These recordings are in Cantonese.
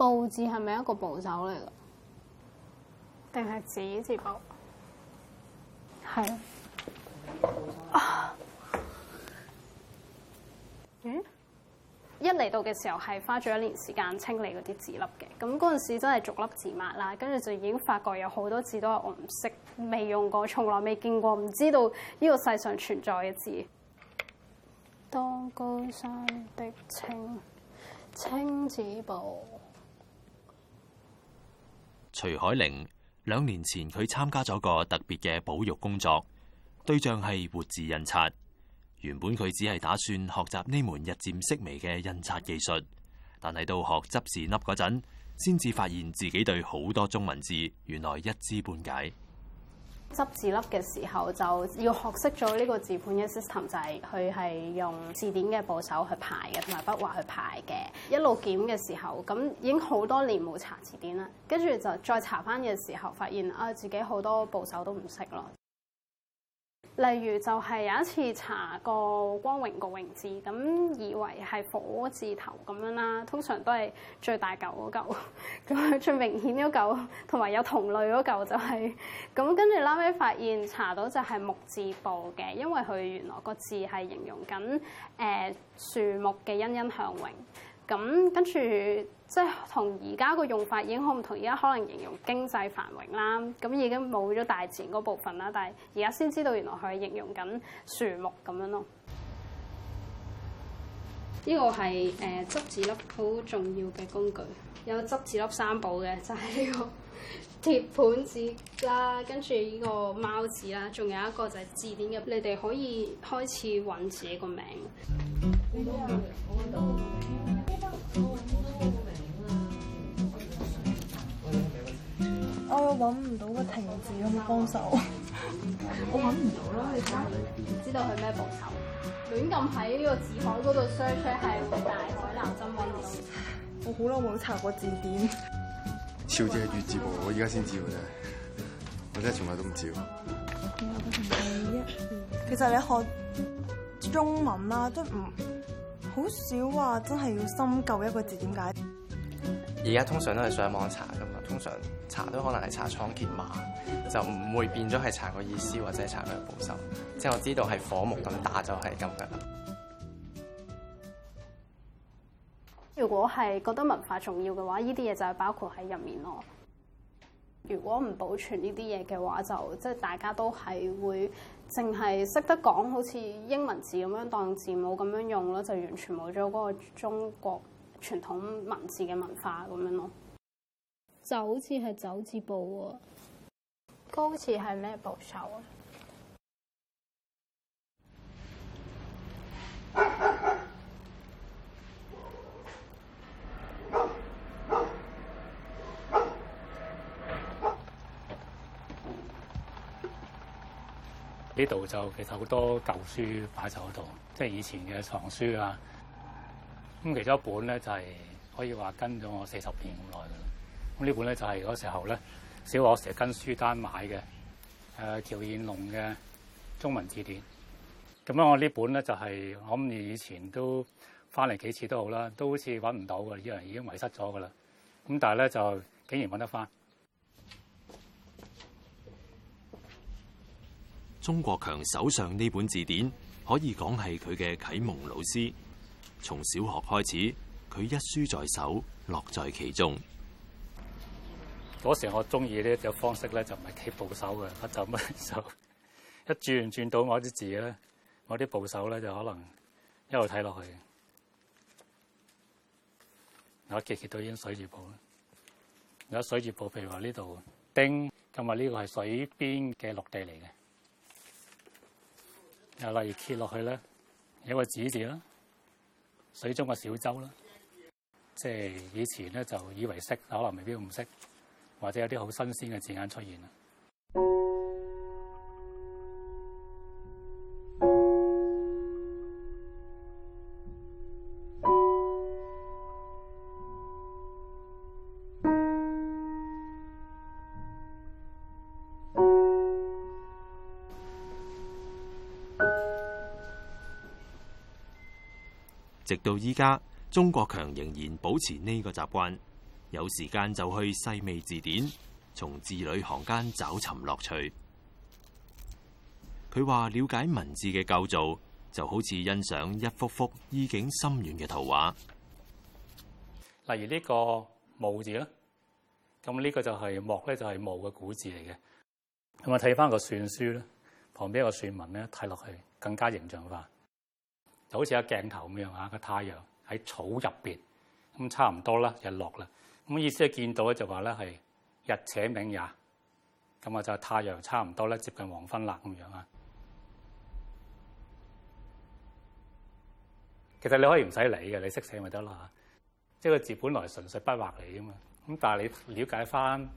報字係咪一個部首嚟㗎？定係紙字部？係啊。嗯？一嚟到嘅時候係花咗一年時間清理嗰啲字粒嘅。咁嗰陣時真係逐粒字抹啦，跟住就已經發覺有好多字都係我唔識、未用過、從來未見過、唔知道呢個世上存在嘅字。當高山的青青字部。徐海玲兩年前，佢參加咗個特別嘅保育工作，對象係活字印刷。原本佢只係打算學習呢門日漸式微嘅印刷技術，但係到學執字粒嗰陣，先至發現自己對好多中文字原來一知半解。執字粒嘅時候，就要學識咗呢個字盤嘅 system，就係佢係用字典嘅部首去排嘅，同埋筆畫去排嘅。一路檢嘅時候，咁已經好多年冇查字典啦。跟住就再查返嘅時候，發現啊，自己好多部首都唔識咯。例如就係有一次查過光榮個榮字，咁以為係火字頭咁樣啦，通常都係最大嚿嗰嚿咁，最明顯嗰嚿，同埋有同類嗰嚿就係、是、咁，跟住後屘發現查到就係木字部嘅，因為佢原來個字係形容緊誒樹木嘅欣欣向榮。咁跟住，即係同而家個用法已經好唔同。而家可能形容經濟繁榮啦，咁已經冇咗大自然嗰部分啦。但係而家先知道原來佢係形容緊樹木咁樣咯。呢個係誒執字粒好重要嘅工具，有執字粒三寶嘅，就係呢個鐵盤子啦，跟住呢個貓紙啦，仲有一個就係字典嘅。你哋可以開始揾自己個名。我又揾唔到個停字，嗯，可唔可幫手？我揾唔到啦，你知唔知道佢咩部首？亂咁喺呢個字海嗰度 search 係會大海撈針位，我好耐冇查過字典。 超姐粵字，我而家先知嘅，我真係從來都唔知，嗯。其實你學中文啦，啊，都唔。好少話、啊，真係要深究一個字點解。而家通常都係上網查噶嘛，通常查都可能係查倉頡碼，就唔會變咗係查個意思或者係查佢嘅部首。即係我知道係火木咁打就係咁噶啦。如果係覺得文化重要嘅話，呢啲嘢就係包括喺入面咯。如果唔保存呢啲嘢嘅話，就即係大家都係會淨係識得講好似英文字咁樣當字母咁樣用咯，就完全冇咗嗰個中國傳統文字嘅文化咁樣咯。就好似係走字部喎，高似係咩部首啊？ 呢度就其實好多舊書擺喺度，即係以前嘅藏書啊。咁其中一本咧就係、是、可以話跟咗我四十年咁耐嘅。咁呢本咧就係、是、嗰時候咧，小學成日跟書單買嘅，誒喬燕龍嘅中文字典。咁樣我本呢本咧就係、是、我諗以前都翻嚟幾次都好啦，都好似揾唔到嘅，因為已經遺失咗嘅啦。咁但係咧就竟然揾得翻。鍾國強手上呢本字典可以講係佢嘅啟蒙老師。從小學開始，佢一書在手，樂在其中。嗰時我中意呢個方式咧就唔係幾部首嘅。我就咁手。 一轉轉到我啲字咧，我啲部首咧就可能一路睇落去，我極極都已經水住部啦。而家水住部，譬如話呢度丁，今日呢個係水邊嘅陸地嚟嘅。又例如揭落去咧，有個指字啦，水中個小洲啦，即係以前咧就以為識，可能未必唔識，或者有啲好新鮮嘅字眼出現啦。直到依家，鍾國強仍然保持呢個習慣，有時間就去細微字典，從字裏行間找尋樂趣。佢話了解文字嘅構造，就好似欣賞一幅幅意境深遠嘅圖畫。例如呢、這個“墓”字啦，咁呢個就係、是“莫”咧，就係“墓”嘅古字嚟嘅。咁啊，睇翻個篆書啦，旁邊一個篆文咧，睇落去更加形象化。就好似個鏡頭咁樣嚇，個太陽喺草入邊，咁差唔多啦，日落啦。咁意思咧，見到咧就話咧係日且冥也，咁我就太陽差唔多咧接近黃昏啦咁樣啊。 其實你可以唔使理嘅，你識寫咪得啦嚇。即係個字本來純粹筆畫嚟嘅嘛，咁但係你瞭解翻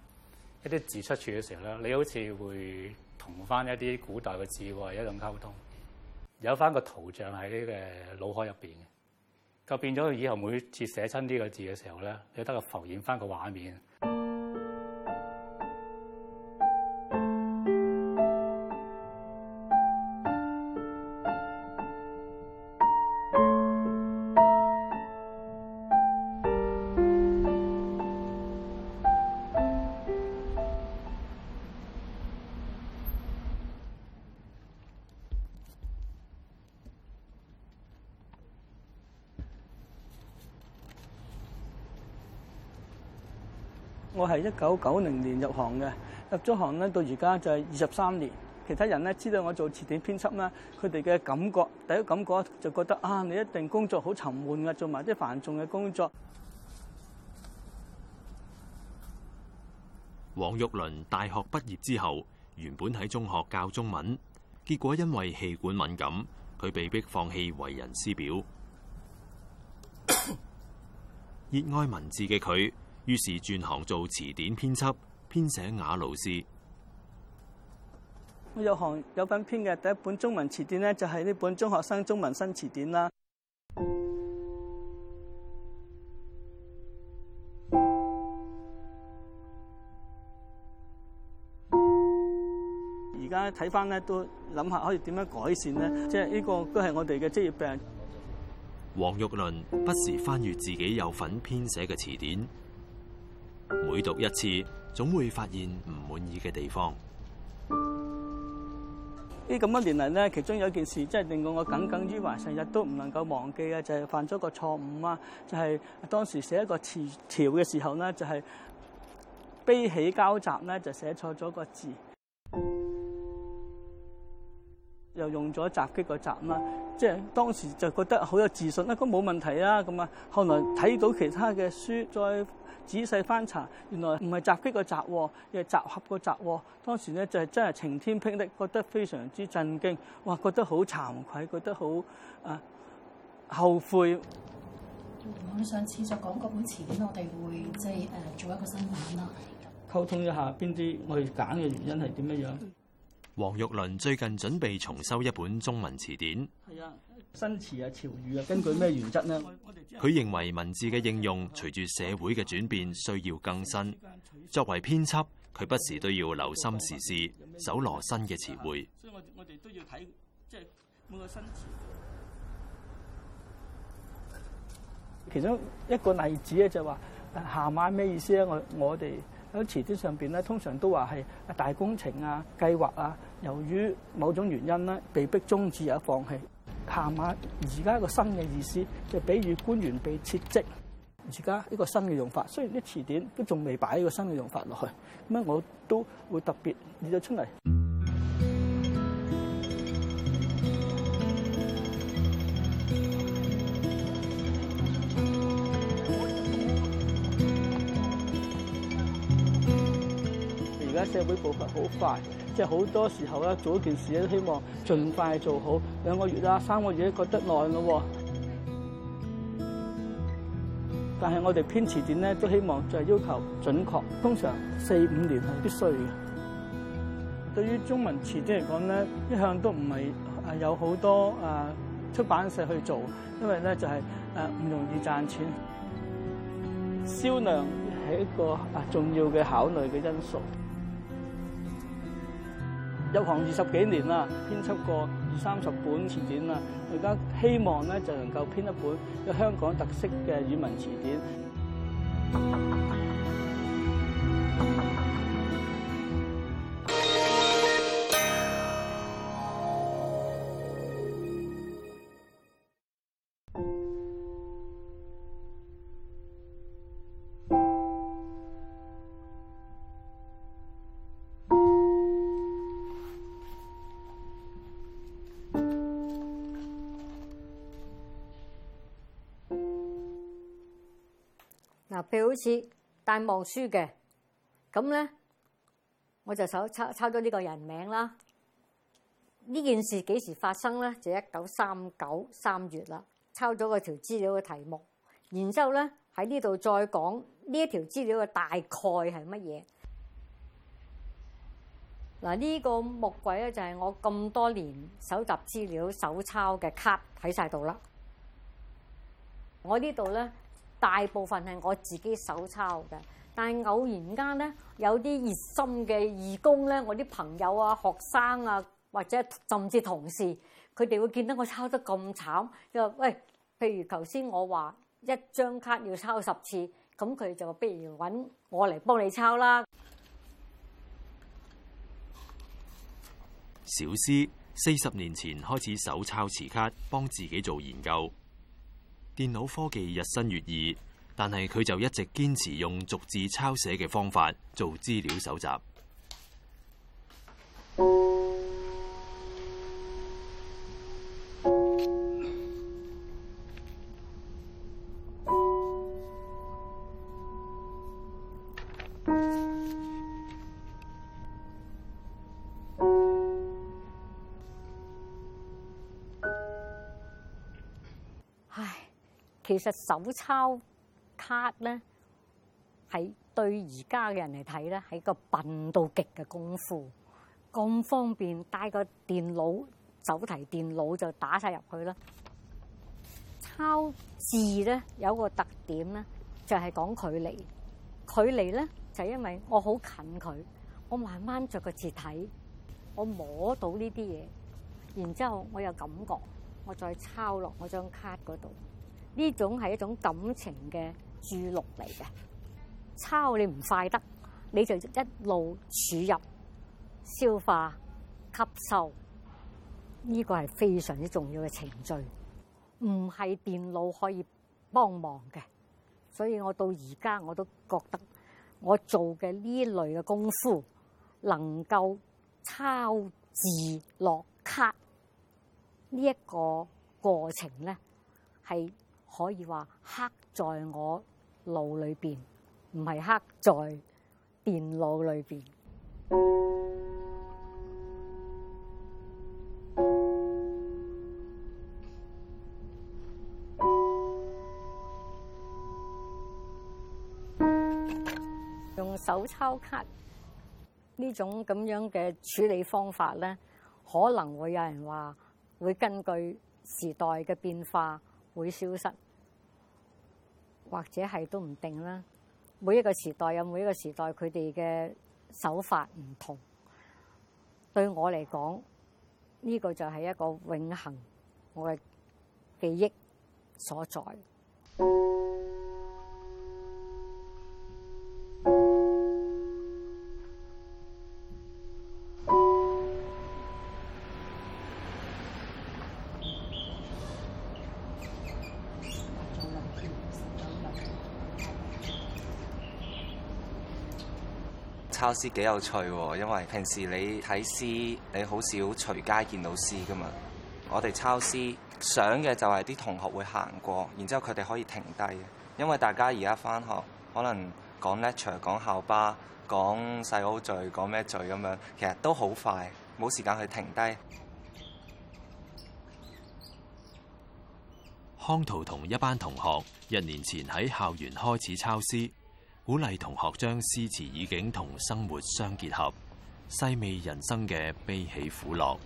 一啲字出處嘅時候咧，你好似會同翻一啲古代嘅智慧一種溝通。有翻個圖像喺呢個腦海入邊嘅，就變咗佢以後每次寫親呢個字嘅時候咧，你得個浮現翻個畫面。我係一九九零年入行嘅，入咗行呢，到而家就係二十三年。其他人呢，知道我做詞典編輯呢，佢哋嘅感覺第一感覺就覺得啊，你一定工作好沉悶噶，做埋啲繁重嘅工作。黃玉麟大學畢業之後，原本喺中學教中文，結果因為氣管敏感，佢被迫放棄為人師表。熱 愛文字嘅佢。於是轉行做詞典編輯，編寫雅老師。我入行有份編嘅第一本中文詞典呢，就係呢本中學生中文新詞典啦。而家睇翻呢，都諗下可以點樣改善呢？即係呢個都係我哋嘅職業病。黃玉麟不時翻閲自己有份編寫嘅詞典。每讀一次，總會發現唔滿意嘅地方。呢咁多年嚟咧，其中有一件事真係令我我耿耿於懷，成日都唔能夠忘記啊，就係、是、犯咗個錯誤啊！就係、是、當時寫一個詞條嘅時候咧，就係、是、悲喜交集咧，就寫錯咗個字，又用咗襲擊個集啦。即係當時就覺得好有自信啦，咁冇問題啦，咁啊。後來睇到其他嘅書再。仔細翻查，原來唔係襲擊個集，而係集合個集。當時咧就係、是、真係晴天霹靂，覺得非常之震驚，哇！覺得好慚愧，覺得好啊後悔。我、嗯、上次就講嗰本詞典，我哋會即係誒、呃、做一個新版咯。溝通一下邊啲我哋揀嘅原因係點樣樣？嗯黃玉麟最近準備重修一本中文詞典。係啊，新詞啊，潮語啊，根據咩原則呢？佢認為文字嘅應用隨住社會嘅轉變需要更新。作為編輯，佢不時都要留心時事，搜羅新嘅詞彙。所以我我哋都要睇，即係每個新詞。其中一個例子啊，就話行埋咩意思咧？我我哋。喺辭典上邊咧，通常都話係大工程啊、計劃啊，由於某種原因咧，被逼終止啊、放棄，談一下碼而家一個新嘅意思，就比如官員被撤職，而家一個新嘅用法，雖然啲辭典都仲未擺一個新嘅用法落去，咁樣，我都會特別列咗出嚟。社會步伐好快，即係好多時候咧做一件事咧都希望盡快做好。兩個月啦，三個月都覺得耐咯。但係我哋編詞典咧都希望就係要求準確，通常四五年係必須嘅。對於中文詞典嚟講咧，一向都唔係有好多啊、呃、出版社去做，因為咧就係誒唔容易賺錢，銷量係一個啊重要嘅考慮嘅因素。入行二十幾年啦，編輯過二三十本詞典啦，我而家希望咧就能夠編一本有香港特色嘅語文詞典。 譬如好似戴望舒嘅，咁咧我就手抄抄咗呢個人名啦。呢件事幾時發生咧？就一九三九三月啦。抄咗個條資料嘅題目，然之後咧喺呢度再講呢一條資料嘅大概係乜嘢。嗱、這、呢個木櫃咧就係我咁多年搜集資料手抄嘅卡喺晒度啦。我呢度咧。大部分係我自己手抄嘅，但係偶然間呢，有啲熱心嘅義工呢，我啲朋友啊、學生啊，或者甚至同事，佢哋會見到我抄得咁慘，就話喂，譬如頭先我話一張卡要抄十次，咁佢就不如揾我嚟幫你抄啦。小思四十年前開始手抄詞卡，幫自己做研究。電腦科技日新月異，但係佢就一直堅持用逐字抄寫嘅方法做資料搜集。 其實手抄卡咧，係對而家嘅人嚟睇咧，係一個笨到極嘅功夫。咁方便帶個電腦、手提電腦就打晒入去啦。抄字咧有一個特點咧，就係講距離。距離咧就係因為我好近佢，我慢慢着個字睇，我摸到呢啲嘢，然之後我有感覺，我再抄落我張卡嗰度。呢種係一種感情嘅注錄嚟嘅，抄你唔快得，你就一路儲入消化吸收，呢、這個係非常之重要嘅程序，唔係電腦可以幫忙嘅。所以我到而家我都覺得我做嘅呢類嘅功夫，能夠抄字落卡呢一、這個過程咧，係。可以話刻在我腦裏邊，唔係刻在電腦裏邊。用手抄卡呢種咁樣嘅處理方法咧，可能會有人話會根據時代嘅變化會消失。或者係都唔定啦。每一個時代有每一個時代佢哋嘅手法唔同。對我嚟講，呢個就係一個永恆我嘅記憶所在。抄詩幾有趣喎，因為平時你睇詩，你好少隨街見到詩㗎嘛。我哋抄詩想嘅就係啲同學會行過，然之後佢哋可以停低，因為大家而家返學可能講 lecture、講校巴、講細佬罪、講咩罪咁樣，其實都好快，冇時間去停低。康圖同一班同學一年前喺校園開始抄詩。鼓勵同學將詩詞意境同生活相結合，細味人生嘅悲喜苦樂。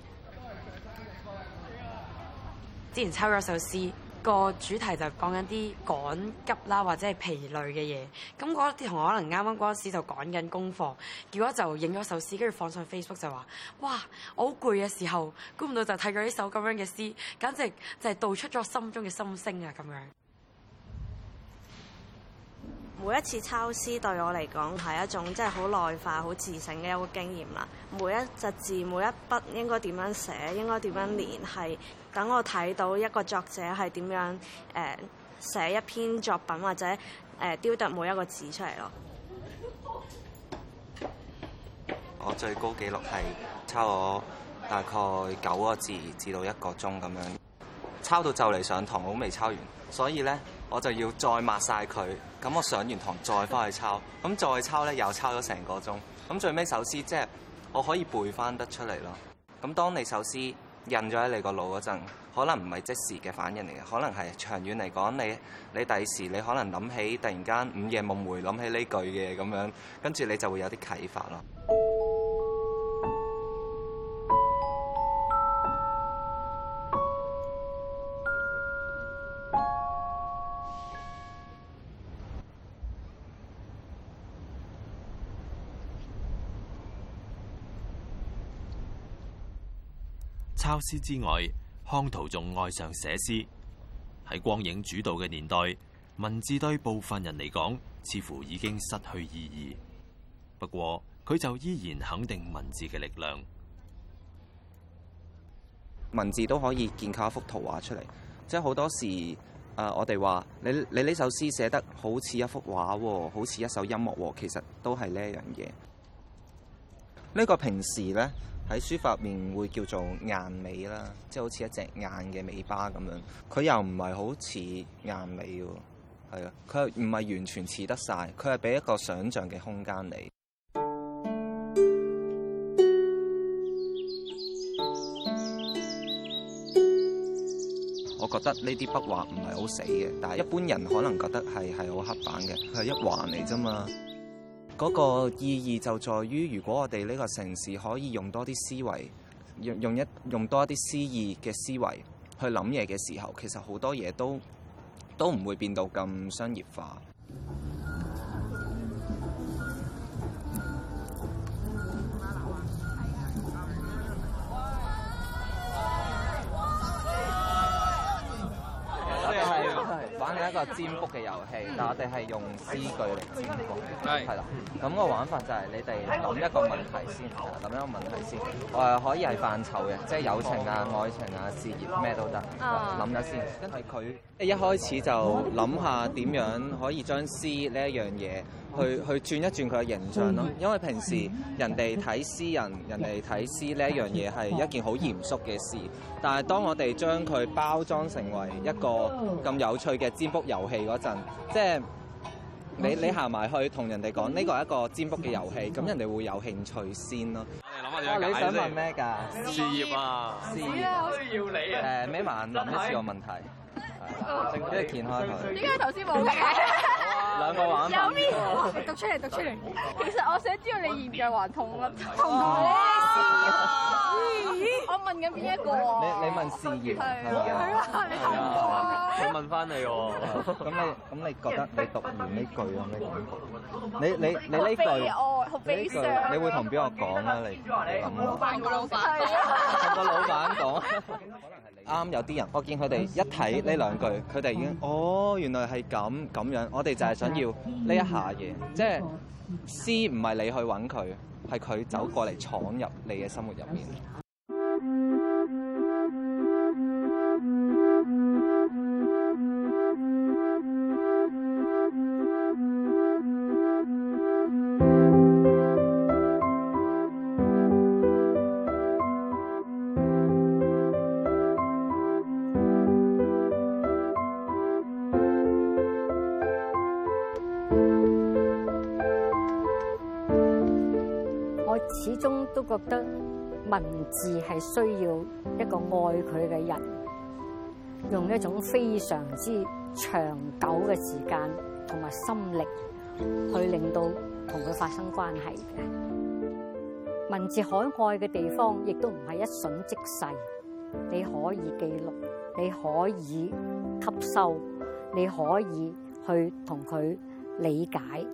之前抽咗首詩，個主題就講緊啲趕急啦，或者係疲累嘅嘢。咁嗰啲同學可能啱啱嗰時就趕緊功課，結果就影咗首詩，跟住放上 Facebook 就話：哇！我好攰嘅時候，估唔到就睇咗呢首咁樣嘅詩，簡直就係道出咗心中嘅心聲啊！咁樣。每一次抄詩對我嚟講係一種即係好內化、好自省嘅一個經驗啦。每一隻字、每一筆應該點樣寫、應該點樣連，係等、嗯、我睇到一個作者係點樣誒寫、呃、一篇作品或者誒雕琢每一個字出嚟咯。我最高記錄係抄我大概九個字至到一個鐘咁樣，抄到就嚟上堂我未抄完，所以呢。我就要再抹晒佢，咁我上完堂再翻去抄，咁再抄咧又抄咗成個鐘，咁最尾首詩即係我可以背翻得出嚟咯。咁當你首詩印咗喺你個腦嗰陣，可能唔係即時嘅反應嚟嘅，可能係長遠嚟講，你你第時你可能諗起，突然間午夜夢回，諗起呢句嘅咁樣，跟住你就會有啲啟發咯。詩之外，康圖仲愛上寫詩。喺光影主導嘅年代，文字對部分人嚟講，似乎已經失去意義。不過佢就依然肯定文字嘅力量。文字都可以建構一幅圖畫出嚟，即係好多時，誒、呃，我哋話你你呢首詩寫得好似一幅畫，喎，好似一首音樂，喎，其實都係呢樣嘢。呢個平時咧喺書法入面會叫做硬尾啦，即係好似一隻硬嘅尾巴咁樣。佢又唔係好似硬尾喎，係啊，佢唔係完全似得晒，佢係俾一個想像嘅空間你。 我覺得呢啲筆畫唔係好死嘅，但係一般人可能覺得係係好刻板嘅，佢係一橫嚟啫嘛。嗰個意義就在於，如果我哋呢個城市可以用多啲思維，用用一用多啲詩意嘅思維去諗嘢嘅時候，其實好多嘢都都唔會變到咁商業化。占卜嘅遊戲，但我哋係用詩句嚟占卜，係啦是。咁個玩法就係你哋諗一個問題先，一個問題先，我、呃、誒可以係範疇嘅，即係友情啊、愛情啊、事業咩都得，諗一下先。係佢、嗯、一開始就諗下點樣可以將詩呢一樣嘢去去轉一轉佢嘅形象咯，因為平時人哋睇詩人，人哋睇詩呢一樣嘢係一件好嚴肅嘅事，但係當我哋將佢包裝成為一個咁有趣嘅占卜遊戲嗰陣，即係你你行埋去同人哋講呢個係一個占卜嘅遊戲，咁人哋會有興趣先咯。你想問咩㗎？事業啊！事業啊！我需要你啊！誒，眯埋眼諗一個問題，即係揭開佢。點解頭先冇嘅？兩個話筒。有咩？讀出嚟，讀出嚟。其實我想知道你現在還痛啊？痛唔痛啊？邊一個你你問事業係啊？你錯唔啊？ 你問翻你喎？咁你咁你覺得你讀完呢句啊？你你你呢句呢、哦、句，你會同邊個講啊？你老你啊？同個老闆講啊？啱 有啲人，我見佢哋一睇呢兩句，佢哋已經、嗯、哦，原來係咁咁樣。我哋就係想要呢一,一下嘢，即係詩唔係你去揾佢，係佢走過嚟闖入你嘅生活入面。覺得文字係需要一個愛佢嘅人，用一種非常之長久嘅時間同埋心力去令到同佢發生關係嘅文字，可愛嘅地方亦都唔係一瞬即逝，你可以記錄，你可以吸收，你可以去同佢理解。